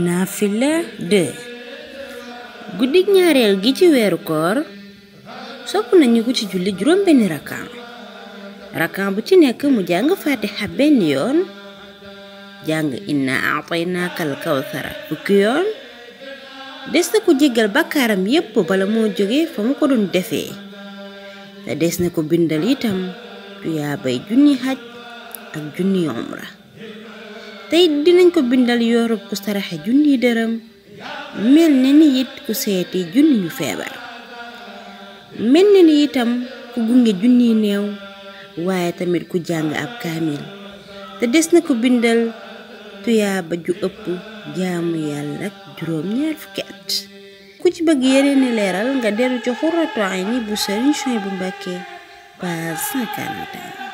naafila 2 guddik ñaareel gi ci weeru koor sopp nañu ko ci julli juróom benni rakkan rakkan bu ci nekk mu jàng faatiha benn yoon jàng inna aataynaaka al kawsara fukki yoon des na ko jéggal bakkaaram yépp bala moo jóge fa mu ko doon defee te des na ko bindal itam tuyaabay junni xaj ak junniy omra te dinañ ko bindal yoorub ku saraxe junniy dërëm mel ne ni it ku seeti junni feebar mel ne ni itam ku gunge junniy néew waaye tamit ku jàng ab kaamil te des na ko bindal tuyaaba ju ëpp jaamu yàlla ak juróom ñaar fukki at ku ci bëgg yeneen leeral nga dellu ci xurratu ayni bu Sëriñ Suwaybu bu Mbàkke page 141